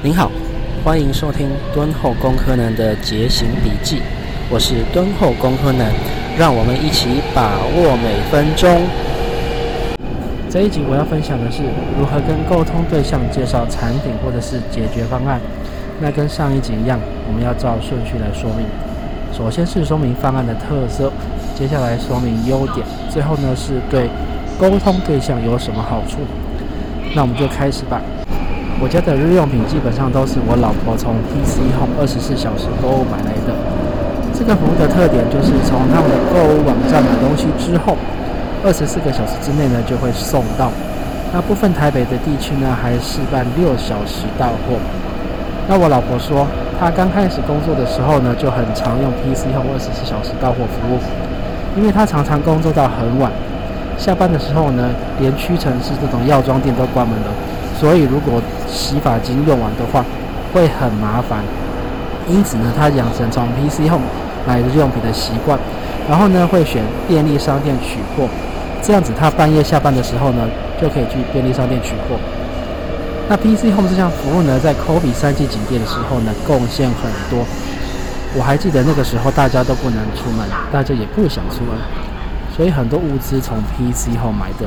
您好，歡迎收聽敦厚工科男的節行筆記，我是敦厚工科男，讓我們一起把握每分鐘。這一集我要分享的是如何跟溝通對象介紹產品或者是解決方案。那跟上一集一樣，我們要照順序來說明。首先是說明方案的特色，接下來說明優點，最後呢是對溝通對象有什麼好處。那我們就開始吧。我家的日用品基本上都是我老婆從 PC Home 二十四小時購物買來的。這個服務的特點就是從他們的購物網站買東西之後，二十四個小時之內呢就會送到。那部分台北的地區呢還示範六小時到貨。那我老婆說，她剛開始工作的時候呢就很常用 PC Home 二十四小時到貨服務，因為她常常工作到很晚，下班的時候呢連屈臣氏這種藥妝店都關門了。所以，如果洗髮精用完的話，會很麻煩。因此呢，他養成從 PC Home 買日用品的習慣，然後呢，會選便利商店取貨。這樣子，他半夜下班的時候呢，就可以去便利商店取貨。那 PC Home 這項服務呢，在 COVID 三級警戒的時候呢，貢獻很多。我還記得那個時候大家都不能出門，大家也不想出門，所以很多物資從 PC Home 買的。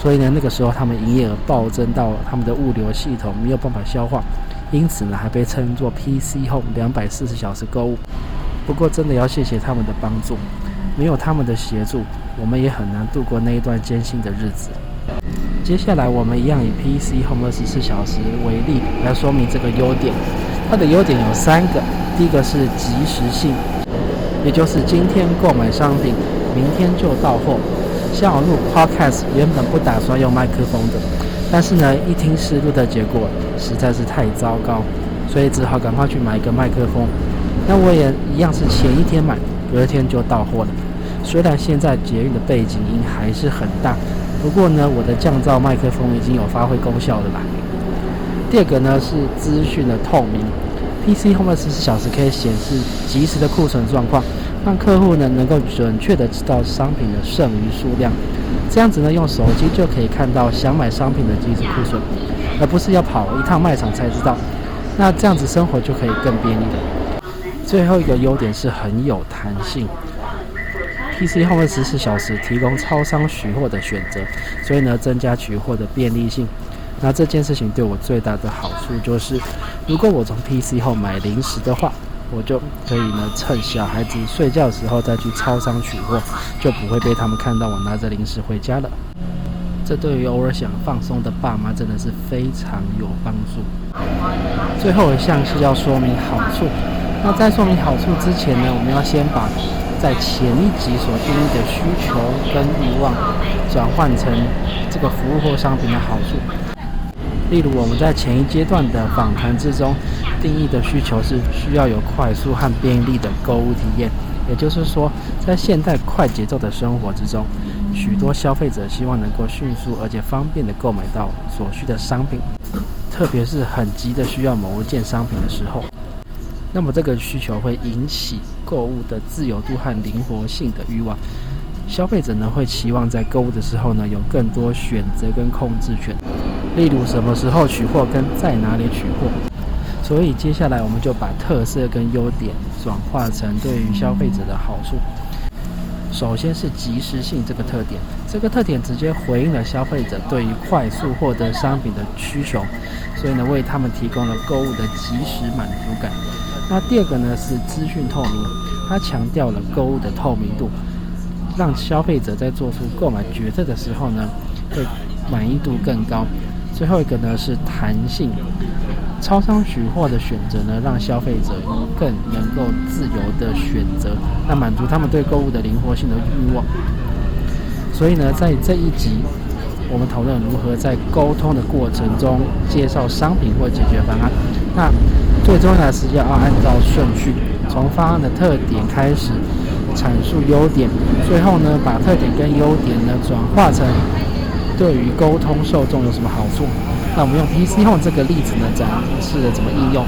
所以呢，那個時候他們營業額暴增到他們的物流系統沒有辦法消化，因此呢，還被稱作 PChome 兩百四十小時購物。不過，真的要謝謝他們的幫助，沒有他們的協助，我們也很難度過那一段艱辛的日子。接下來，我們一樣以 PChome 二十四小時為例來說明這個優點。它的優點有三個，第一個是及時性，也就是今天購買商品，明天就到貨。像我錄 podcast，原本不打算用麥克風的，但是呢，一聽試錄的結果實在是太糟糕，所以只好趕快去買一個麥克風。那我也一樣是前一天買，隔天就到貨了。雖然現在捷運的背景音還是很大，不過呢，我的降噪麥克風已經有發揮功效了吧？第二個呢是資訊的透明，PChome 24小時可以顯示即時的庫存狀況。讓客戶呢能夠準確的知道商品的剩餘數量，這樣子呢用手機就可以看到想買商品的即時庫存，而不是要跑一趟賣場才知道。那這樣子生活就可以更便利的。最後一個優點是很有彈性，PChome 二十四小時提供超商取貨的選擇，所以呢增加取貨的便利性。那這件事情對我最大的好處就是，如果我從 PChome 買零食的話。我就可以呢，趁小孩子睡覺的時候再去超商取貨，就不會被他們看到我拿着零食回家了。這對於偶爾想放鬆的爸媽真的是非常有幫助。最後一項是要說明好處。那在說明好處之前呢，我們要先把在前一集所定義的需求跟欲望轉換成這個服務或商品的好處。例如，我們在前一階段的訪談之中定義的需求是需要有快速和便利的購物體驗。也就是說，在現代快節奏的生活之中，許多消費者希望能夠迅速而且方便的購買到所需的商品，特別是很急的需要某一件商品的時候，那麼這個需求會引起購物的自由度和靈活性的欲望。消費者呢會，期望在購物的時候呢有更多選擇跟控制權。例如什麼時候取貨跟在哪裡取貨，所以接下來我們就把特色跟優點轉化成對於消費者的好處。首先是即時性這個特點，這個特點直接回應了消費者對於快速獲得商品的需求，所以呢為他們提供了購物的即時滿足感。那第二個呢是資訊透明，它強調了購物的透明度，讓消費者在做出購買決策的時候呢，會滿意度更高。最後一個呢是彈性，超商取貨的選擇呢，讓消費者能更能夠自由地選擇，那滿足他們對購物的靈活性的慾望。所以呢，在這一集，我們討論如何在溝通的過程中介紹商品或解決方案。那最重要的是要按照順序，從方案的特點開始闡述優點，最後呢，把特點跟優點呢轉化成。對於溝通受眾有什麼好處？那我們用 PChome 這個例子呢，展示了怎麼應用。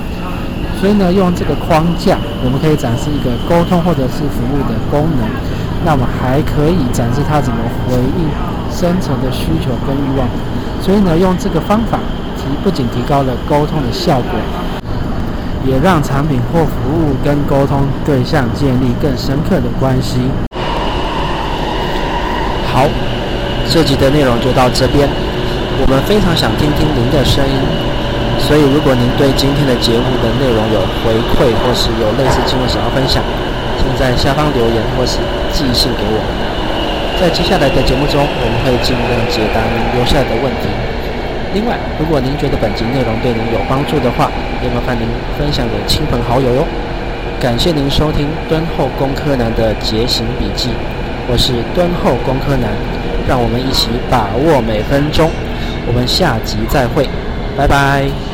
所以呢，用這個框架，我們可以展示一個溝通或者是服務的功能。那我們還可以展示它怎麼回應深層的需求跟慾望。所以呢，用這個方法，提不僅提高了溝通的效果，也讓產品或服務跟溝通對象建立更深刻的關係。好。這集的內容就到這邊，我們非常想聽聽您的聲音，所以如果您對今天的節目的內容有回饋，或是有類似經驗想要分享，請在下方留言或是寄信給我。在接下來的節目中，我們會盡量解答您留下的問題。另外，如果您覺得本集內容對您有幫助的話，也麻煩您分享給親朋好友喲。感謝您收聽敦厚工科男的節型筆記，我是敦厚工科男。讓我們一起把握每分鐘，我們下集再會，拜拜。